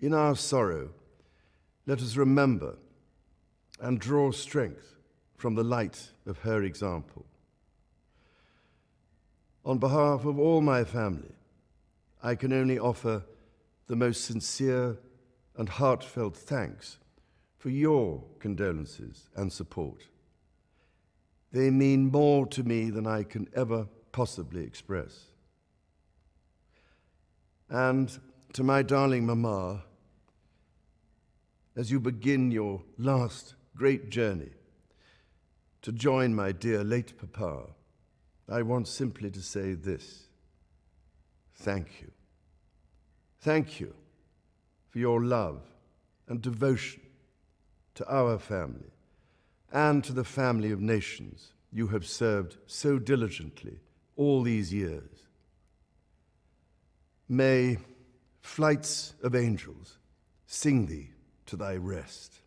in our sorrow, let us remember and draw strength from the light of her example. On behalf of all my family, I can only offer the most sincere and heartfelt thanks for your condolences and support. They mean more to me than I can ever possibly express. And to my darling mamma, as you begin your last great journey to join my dear late papa, I want simply to say this thank you. Thank you for your love and devotion to our family and to the family of nations you have served so diligently all these years. May flights of angels sing thee to thy rest.